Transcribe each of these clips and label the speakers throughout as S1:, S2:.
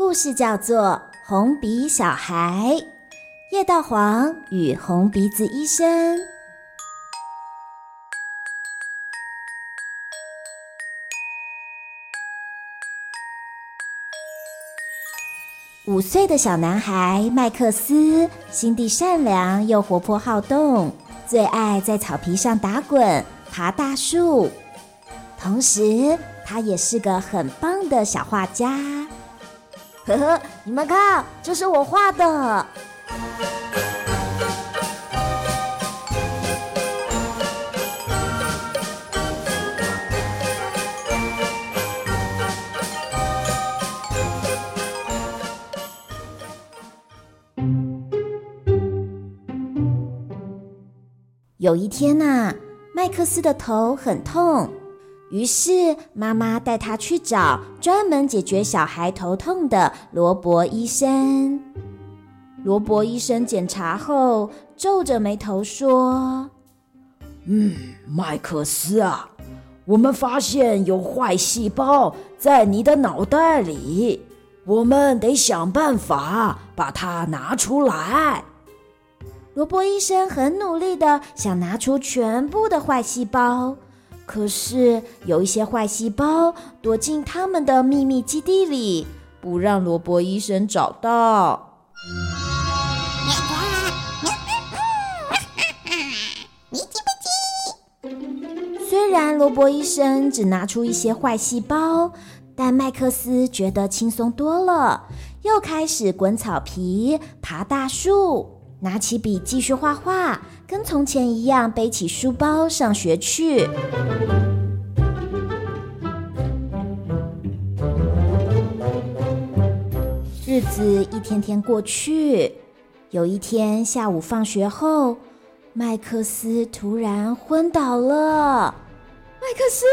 S1: 故事叫做《紅鼻小孩》，葉道瑝與紅鼻子醫生。五歲的小男孩麥克斯，心地善良又活潑好動，最愛在草皮上打滾、爬大樹。同時，他也是個很棒的小畫家。呵呵， 你們看，這是我畫的。有一天吶、啊，麥克斯的頭很痛。於是，媽媽帶他去找專門解決小孩頭痛的羅伯醫生。羅伯醫生檢查後，皺着眉頭說：“嗯，麥克斯啊，我們發現有壞細胞在你的腦袋裡，我們得想辦法把它拿出來。”羅伯醫生很努力的想拿出全部的壞細胞。可是有一些壞細胞躲進他們的秘密基地裡，不讓蘿蔔醫生找到。雖然蘿蔔醫生只拿出一些壞細胞，但麥克斯覺得輕鬆多了，又開始滾草皮、爬大樹，拿起筆繼續畫畫。跟從前一樣，背起書包上學去。日子一天天過去。有一天下午放學後，麥克斯突然昏倒了。麥克斯，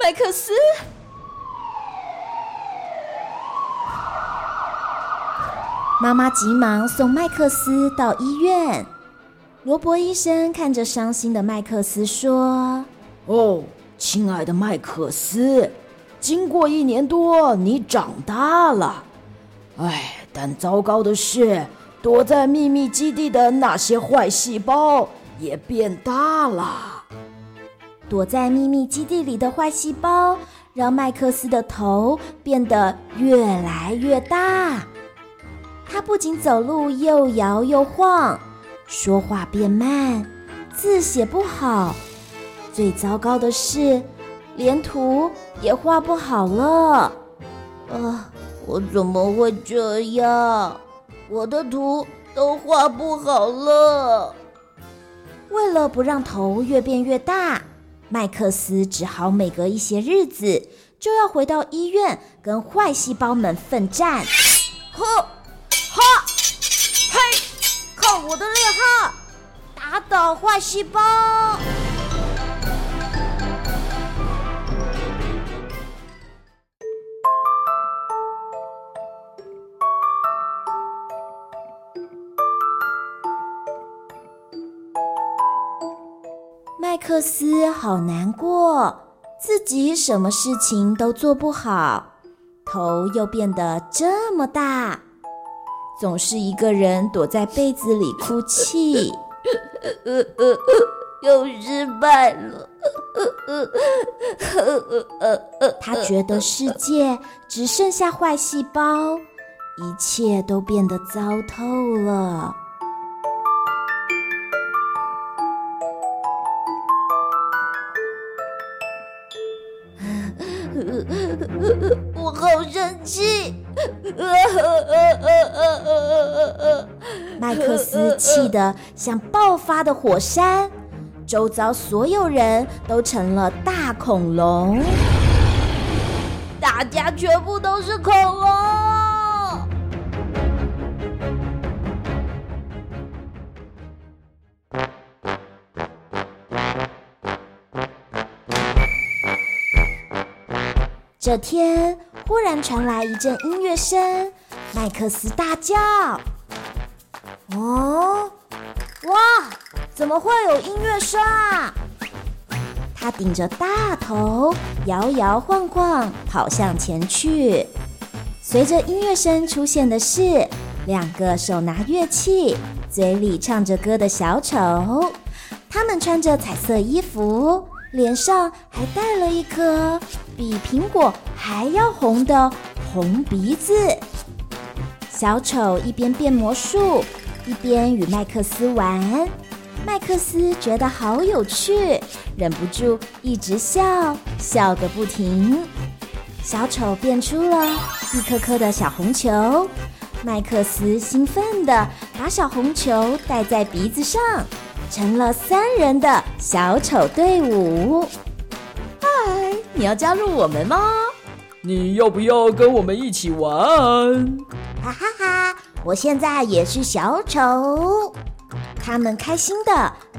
S1: 麥克斯！媽媽急忙送麥克斯到醫院。羅伯醫生看着傷心的麥克斯說：“哦，親愛的麥克斯，經過一年多，你長大了。哎，但糟糕的是，躲在祕密基地的那些壞細胞也變大了。躲在祕密基地裡的壞細胞，讓麥克斯的頭變得越來越大。他不僅走路又搖又晃。”說話變慢，字寫不好，最糟糕的是連圖也畫不好了。啊、呃，我怎麼會這樣？我的圖都畫不好了。為了不讓頭越變越大，麥克斯只好每隔一些日子就要回到醫院跟壞細胞們奮戰。吼！我的烈號，打倒壞細胞！麥克斯好難過，自己什麼事情都做不好，頭又變得這麼大。總是一個人躲在被子裡哭泣，又失敗了。他覺得世界只剩下壞細胞，一切都變得糟透了。麥克斯氣得像爆發的火山，週遭所有人都成了大恐龍。
S2: 大
S1: 家全部都是恐龍。 這天忽然傳來一陣音樂聲，麥克斯大叫。哦，哇！怎麼會有音樂聲啊？他頂着大頭，搖搖晃晃跑向前去。隨着音樂聲出現的是兩個手拿樂器、嘴裡唱着歌的小丑，他們穿着彩色衣服，臉上還帶了一顆比蘋果還要紅的紅鼻子。小丑一邊變魔術。一邊與麥克斯玩，麥克斯覺得好有趣，忍不住一直笑，笑個不停。小丑變出了一顆顆的小紅球，麥克斯興奮地把小紅球戴在鼻子上，成了三人的小丑隊伍。嗨，你要加入我們嗎？你要不要跟我們一起玩？哈哈哈。我現在也是小丑。他們開心地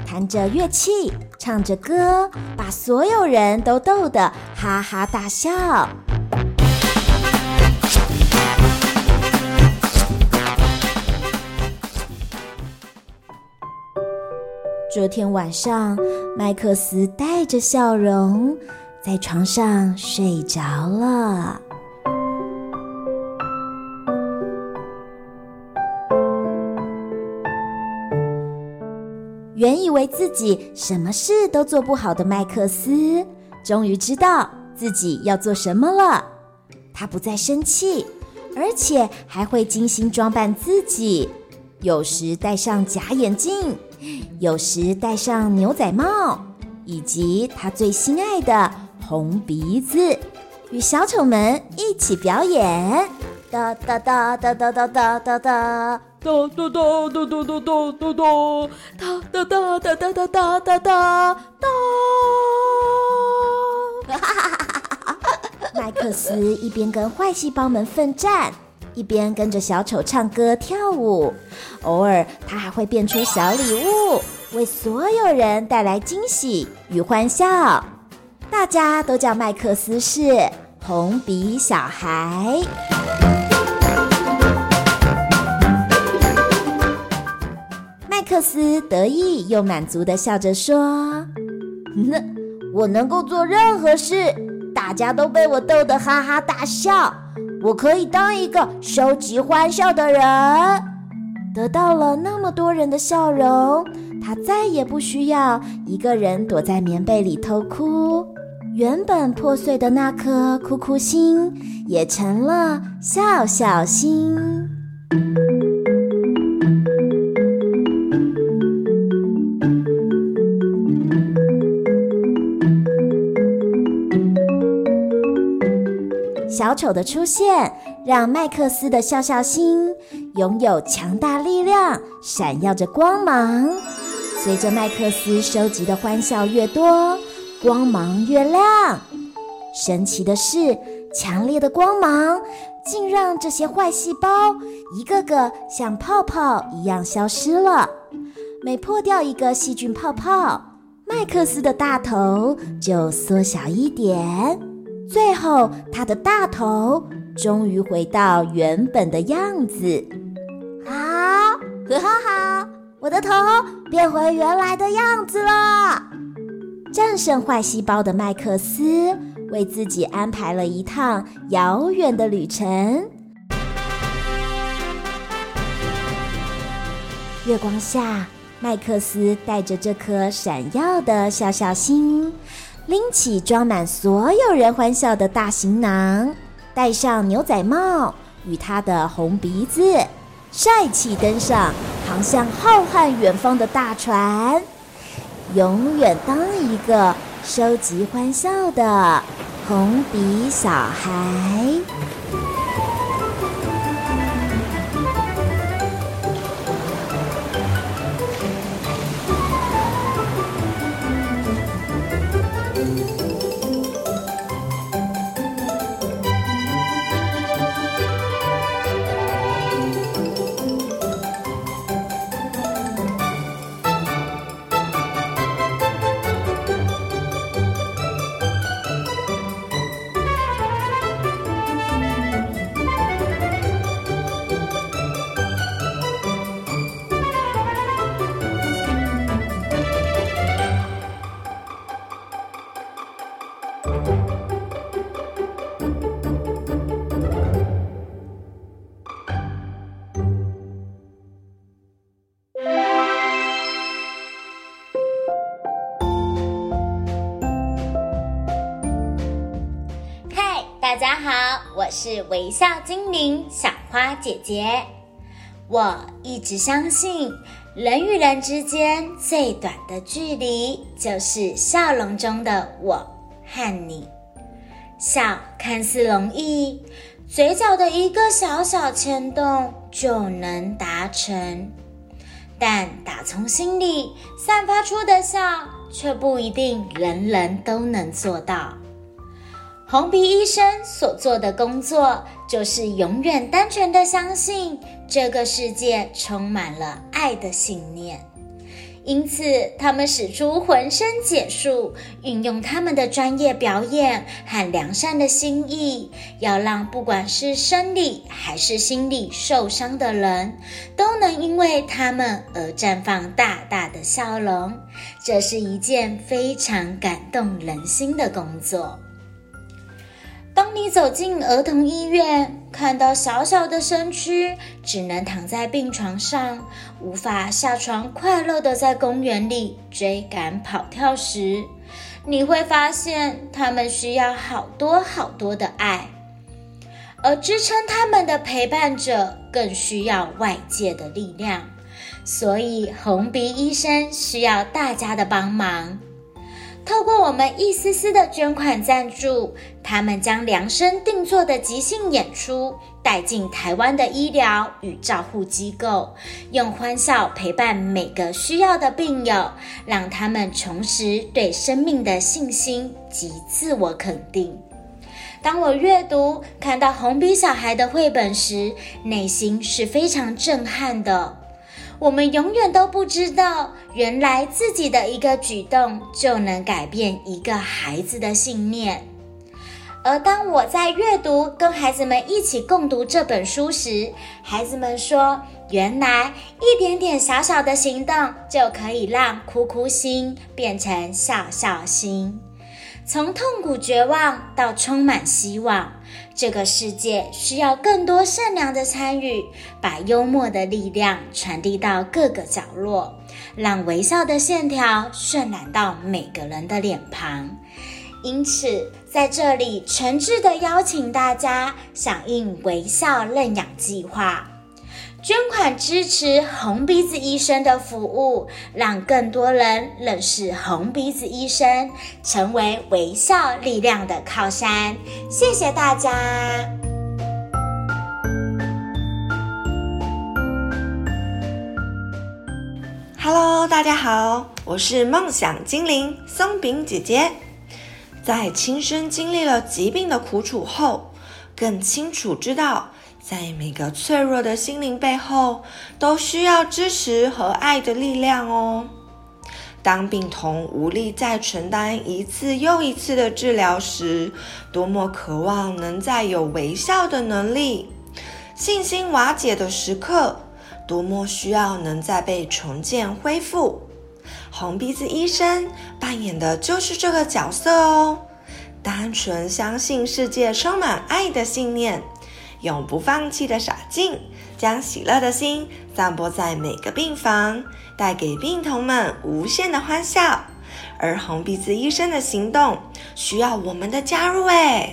S1: 彈着樂器，唱着歌，把所有人都逗得哈哈大笑。昨 天晚上，麥克斯帶着笑容，在床上睡着了。原以為自己什麼事都做不好的麥克斯，終於知道自己要做什麼了。他不再生氣，而且還會精心裝扮自己，有時戴上假眼鏡，有時戴上牛仔帽，以及他最心愛的紅鼻子，與小丑們一起表演。噠噠噠噠噠噠噠噠。噠噠噠噠噠噠噠噠噠噠噠噠噠噠噠噠。麥克斯一邊跟壞細胞們奮戰，一邊跟着小丑唱歌跳舞，偶爾他還會變出小禮物，為所有人帶來驚喜與歡笑。大家都叫麥克斯是紅鼻小孩。克斯得意又滿足地笑着說：“那，我能夠做任何事，大家都被我逗得哈哈大笑。我可以當一個收集歡笑的人，得到了那麼多人的笑容，他再也不需要一個人躲在棉被裡偷哭。原本破碎的那顆哭哭心，也成了笑笑心。”小丑的出現讓麥克斯的笑笑心擁有強大力量，閃耀着光芒。隨着麥克斯收集的歡笑越多，光芒越亮。神奇的是，強烈的光芒竟讓這些壞細胞一個個像泡泡一樣消失了。每破掉一個細菌泡泡，麥克斯的大頭就縮小一點。最後，他的大頭終於回到原本的樣子。好，很好，我的頭變回原來的樣子了。戰勝壞細胞的麥克斯，為自己安排了一趟遙遠的旅程。 月光下，麥克斯帶着這顆閃耀的小小心。拎起裝滿所有人歡笑的大行囊，戴上牛仔帽與他的紅鼻子，帥氣登上航向浩瀚遠方的大船，永遠當一個收集歡笑的紅鼻小孩。嗨，Hi, 大家好，我是微笑精靈小花姐姐。我一直相信，人與人之間最短的距離就是笑容中的我和你，笑看似容易，嘴角的一個小小牽動就能達成，但打從心裡散發出的笑卻不一定人人都能做到。紅鼻醫生所做的工作，就是永遠單純的相信這個世界充滿了愛的信念。因此，他們使出渾身解數，運用他們的專業表演和良善的心意，要讓不管是生理還是心理受傷的人，都能因為他們而綻放大大的笑容。這是一件非常感動人心的工作。當你走進兒童醫院，看到小小的身軀只能躺在病床上，無法下床快樂地在公園裡追趕跑跳時，你會發現他們需要好多好多的愛，而支撐他們的陪伴者更需要外界的力量，所以紅鼻醫生需要大家的幫忙。透過我們一絲絲的捐款贊助，他們將量身定做的即興演出帶進台灣的醫療與照護機構，用歡笑陪伴每個需要的病友，讓他們重拾對生命的信心及自我肯定。當我閱讀，看到紅鼻小孩的繪本時，內心是非常震撼的。我們永遠都不知道，原來自己的一個舉動就能改變一個孩子的信念。而當我在閱讀、跟孩子們一起共讀這本書時，孩子們說：“原來一點點小小的行動就可以讓哭哭心變成笑笑心，從痛苦絕望到充滿希望。”這個世界需要更多善良的參與，把幽默的力量傳遞到各個角落，讓微笑的線條渲染到每個人的臉龐。因此，在這裡誠摯地邀請大家響應微笑認養計劃。捐款支持紅鼻子醫生的服務，讓更多人認識紅鼻子醫生，成為微笑力量的靠山。謝謝大家。
S2: Hello，大家好，我是夢想精靈鬆餅姐姐。在親身經歷了疾病的苦楚後，更清楚知道，在每個脆弱的心靈背後，都需要支持和愛的力量哦。當病童無力再承擔一次又一次的治療時，多麼渴望能再有微笑的能力；信心瓦解的時刻，多麼需要能再被重建恢復。紅鼻子醫生扮演的就是這個角色哦。單純相信世界充滿愛的信念，永不放棄的傻勁，將喜樂的心散播在每個病房，帶給病童們無限的歡笑。而紅鼻子醫生的行動需要我們的加入誒！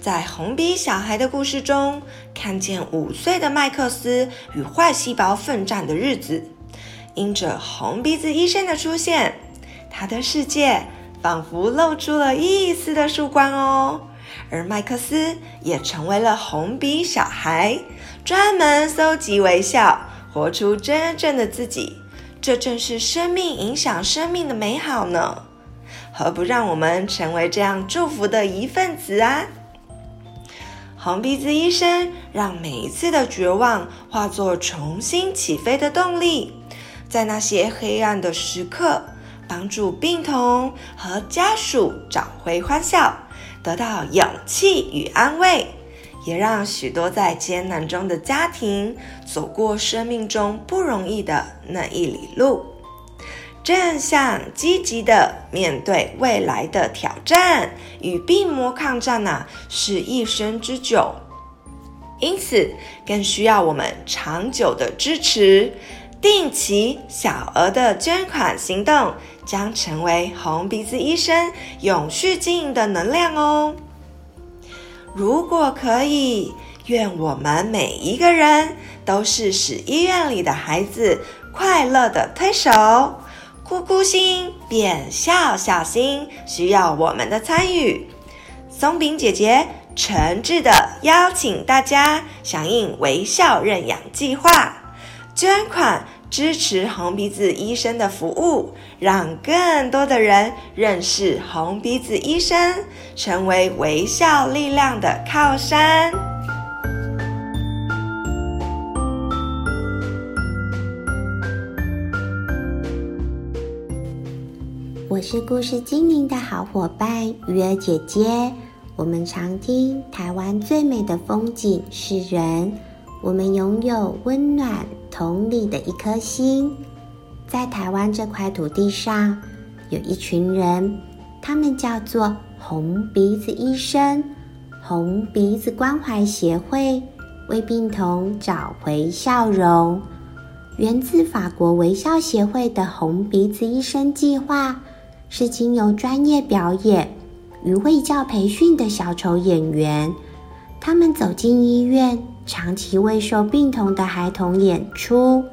S2: 在紅鼻小孩的故事中，看見五歲的麥克斯與壞細胞奮戰的日子，因着紅鼻子醫生的出現，他的世界。仿佛露出了一絲的曙光哦，而麥克斯也成為了紅鼻小孩，專門搜集微笑，活出真正的自己。這正是生命影響生命的美好呢，何不讓我們成為這樣祝福的一份子啊？紅鼻子醫生讓每一次的絕望化作重新起飛的動力，在那些黑暗的時刻。幫助病童和家屬找回歡笑，得到勇氣與安慰，也讓許多在艱難中的家庭走過生命中不容易的那一里路。正向積極地面對未來的挑戰，與病魔抗戰啊，是一生之久，因此更需要我們長久的支持，定期小額的捐款行動。將成為紅鼻子醫生永續經營的能量哦！如果可以，願我們每一個人都是使醫院裡的孩子快樂的推手。哭哭心變笑笑心，需要我們的參與。鬆餅姐姐誠摯的邀請大家響應微笑認養計劃，捐款。支持紅鼻子醫生的服務，讓更多的人認識紅鼻子醫生，成為微笑力量的靠山。
S3: 我是故事精靈的好伙伴魚兒姐姐，我們常聽台灣最美的風景是人。我們擁有溫暖同理的一顆心，在台灣這塊土地上，有一群人，他們叫做紅鼻子醫生，紅鼻子關懷協會為病童找回笑容。源自法國微笑協會的紅鼻子醫生計劃，是經由專業表演與衛教培訓的小丑演員，他們走進醫院。長期為受病痛的孩童演出，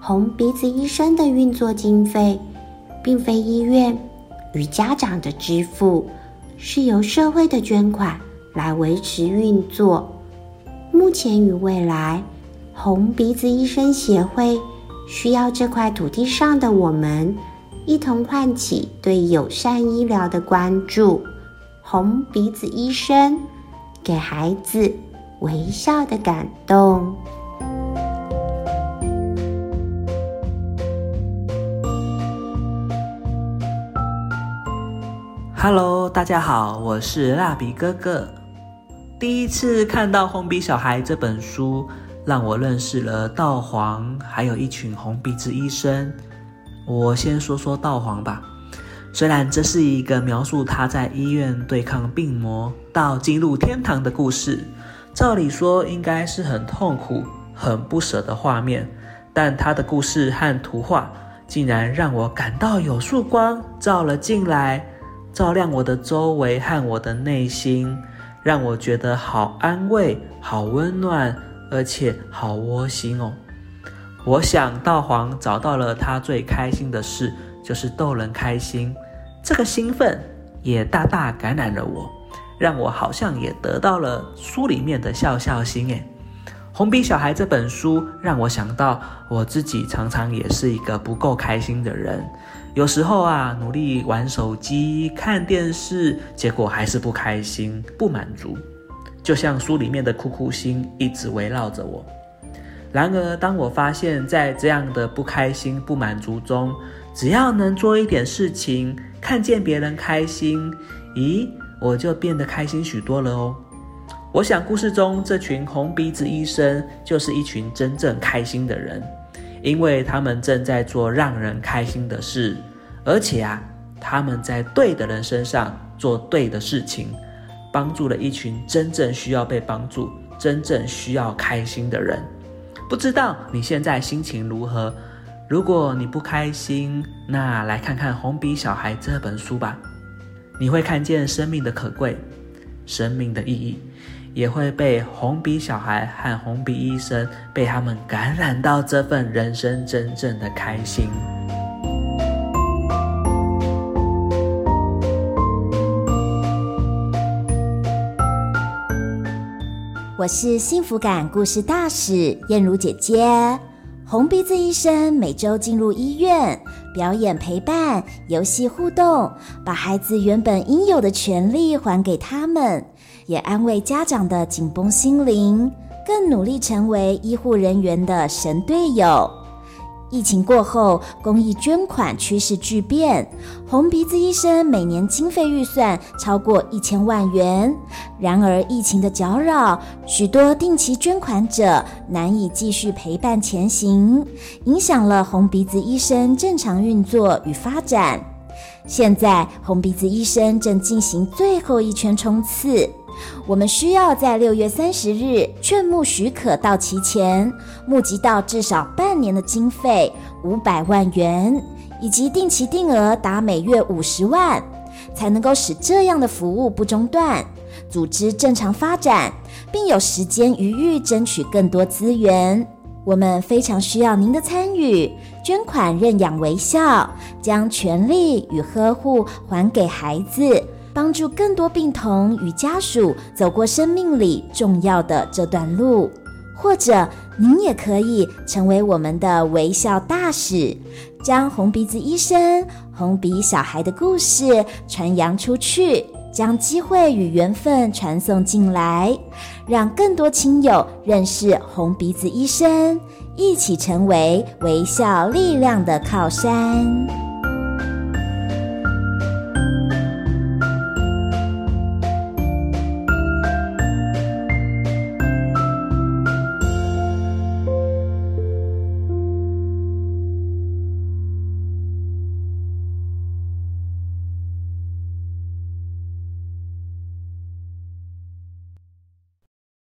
S3: 紅鼻子醫生的運作經費，並非醫院與家長的支付，是由社會的捐款來維持運作。目前與未來，紅鼻子醫生協會需要這塊土地上的我們，一同喚起對友善醫療的關注。紅鼻子醫生給孩子。微笑的感動。
S4: Hello，大家好，我是蠟筆哥哥。第一次看到《紅鼻小孩》這本書，讓我認識了道瑝，還有一群紅鼻子醫生。我先說說道瑝吧。雖然這是一個描述他在醫院對抗病魔到進入天堂的故事。照理說應該是很痛苦、很不舍的畫面，但他的故事和圖畫竟然讓我感到有束光照了進來，照亮我的周圍和我的內心，讓我覺得好安慰、好溫暖，而且好窩心哦。我想道瑝找到了他最開心的事，就是逗人開心，這個興奮也大大感染了我。讓我好像也得到了書裡面的笑笑心哎。紅鼻小孩這本書讓我想到我自己常常也是一個不夠開心的人。有時候啊，努力玩手機、看電視，結果還是不開心、不滿足。就像書裡面的哭哭心一直圍繞着我。然而，當我發現，在這樣的不開心、不滿足中，只要能做一點事情，看見別人開心，咦？我就變得開心許多了哦。我想，故事中這群紅鼻子醫生就是一群真正開心的人，因為他們正在做讓人開心的事，而且啊，他們在對的人身上做對的事情，幫助了一群真正需要被幫助、真正需要開心的人。不知道你現在心情如何？如果你不開心，那來看看《紅鼻小孩》這本書吧。你會看見生命的可貴，生命的意義，也會被紅鼻小孩和紅鼻醫生被他們感染到這份人生真正的開心。
S1: 我是幸福感故事大使彥如姐姐。紅鼻子醫生每周進入醫院，表演、陪伴、遊戲互動，把孩子原本應有的權利還給他們，也安慰家長的緊繃心靈，更努力成為醫護人員的神隊友。疫情過後，公益捐款趨勢巨變。紅鼻子醫生每年經費預算超過一千萬元，然而疫情的攪擾，許多定期捐款者難以繼續陪伴前行，影響了紅鼻子醫生正常運作與發展。現在，紅鼻子醫生正進行最後一圈衝刺。我們需要在六月三十日勸募許可到期前，募集到至少半年的經費五百萬元，以及定期定額達每月五十萬，才能夠使這樣的服務不中斷，組織正常發展，並有時間餘裕爭取更多資源。我們非常需要您的參與，捐款認養微笑，將權利與呵護還給孩子。幫助更多病童與家屬走過生命裡重要的這段路，或者您也可以成為我們的微笑大使，將紅鼻子醫生、紅鼻小孩的故事傳揚出去，將機會與緣分傳送進來，讓更多親友認識紅鼻子醫生，一起成為微笑力量的靠山。